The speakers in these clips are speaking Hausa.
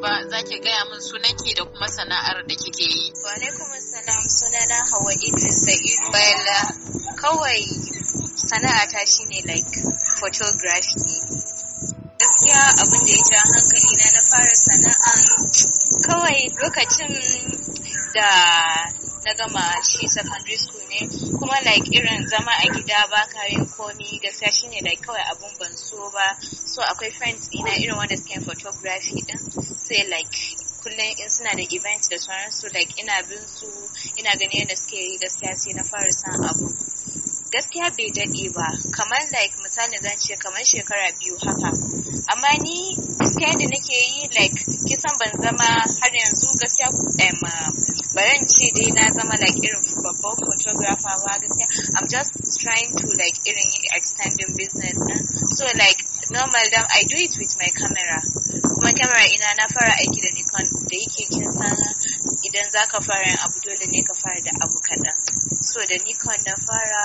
Ba za ki gaya min sunanki da kuma sana'ar da kike yi. Wa alaikum assalam sunana Hawa Idris Sa'id Bayala. Kawai sana'ata shine like photography. Gaskiya abin da ya ja hankali na na fara sana'a kawai lokacin da na gama shi secondary school ne kuma like irin zama a gida ba yin komi gaskiya shine like kawai abun ban so ba so akwai friends ina irin wanda suke photography din say like kullum in suna da event da sauransu like ina bin su ina ganin yadda suke yi gaskiya sai na fara san abu gaskiya bai daɗe ba kamar like misali zan ce kamar shekara biyu haka amma ni gaskiya da nake yi like kisan ban zama har yanzu gaskiya em baran ce dai na zama like irin babban photographer ba gaskiya I'm just trying to like irin extending business so like normal dan I do it with my camera kuma camera ina na fara aiki da Nikon da yake kin san idan zaka fara yin abu dole ne ka fara da abu kaɗan so da Nikon na fara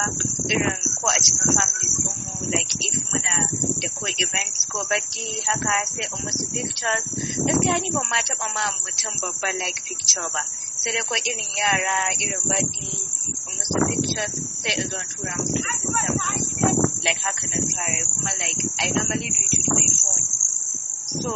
irin ko a cikin families mu like if muna da ko events ko birthday haka sai in musu pictures gaskiya ni ban ma taɓa ma mutum babba like picture ba sai dai ko irin yara irin birthday in musu pictures sai in zo tura musu da system like haka na tsara kuma like I normally do it with my phone so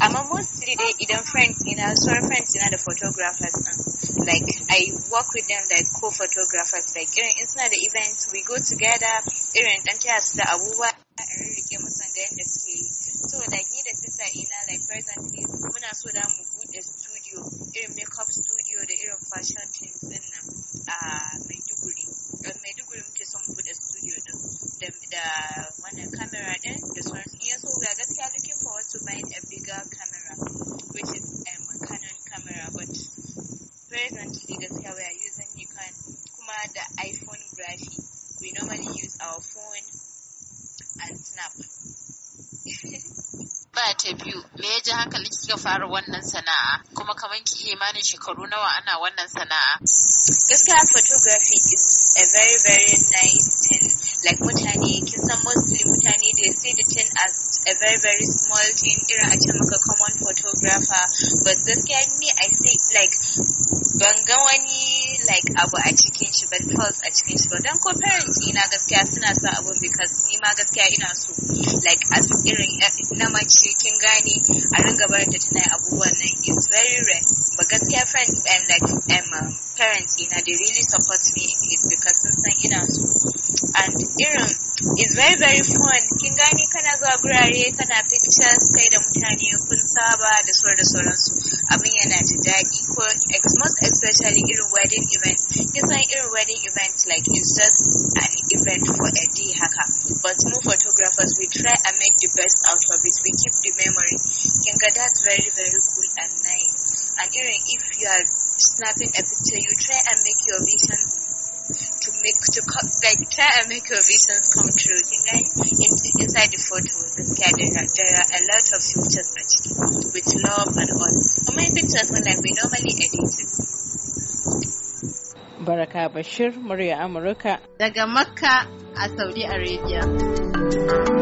amma mostly dai idan friends ina sort friends ina da photographers din um, like I work with them like co-photographers like irin in suna da event we go together irin dan taya su da abubuwa in rike musu ga yadda suke to find a bigger camera, which is um, a Canon camera. But presently, gaskiya we are using Nikon. Kuma da iPhone graphy, we normally use our phone and snap. ba ta biyu me ya ji hankali kika fara wannan sana'a kuma kamar ki imanin shekaru nawa ana wannan sana'a gaskiya photography is a very very nice thing like mutane kin san mostly mutane they see the thing as a very very small thing irin a ce maka common photographer but gaskiya me i say like ban ga wani like abu a cikin shi ba false a cikin shi ba dan ko parents ina gaskiya suna sa abu because ni ma gaskiya ina so like as irin eh, na mace kin gani, a ringa barin ta tana abubuwan nan it's very rare but gaskiya friends and like um, parents ina they really support me in it because sun san ina so and irin is very very fun kin gani kana zuwa gurare kana pictures kai da mutane kun saba da sauran da sauransu abin yana da daɗi ko most especially irin wedding event kin san irin wedding event like it's just an event for a day haka but mu photographers we try and make the best out of it we keep the memory Kinga that's very very cool and nice and even if you are snapping a picture you try and make your vision make to vector and make your visions come true. inside the photo, photos, there are a lot of filters actually with love and all. For my pictures, when like we normally edit it. Baraka Bashir, Maria Amurka. Daga Makka a Saudi Arabia.